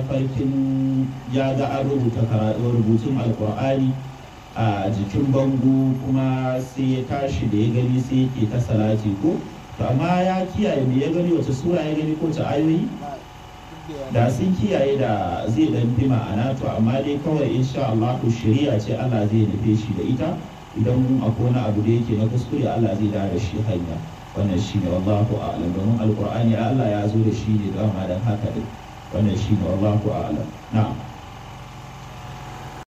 mafarkin ya ga an rubuta rubutun alkur'ani a jikin bango kuma sai ya tashi da ya gani sai yake ta salati ko to amma ya kiyaye da ya gani wata sura ya gani ko ta ayoyi da sun kiyaye da zai dan bi ma'ana to amma dai kawai insha Allah shari'a ce Allah zai nufe shi da ita idan akwai wani abu da yake na kuskure Allah zai da shi hanya wannan shi ne wallahu a'lam domin alkur'ani Allah ya zo da shi ne amma dan haka din wannan shi ne wallahu na'am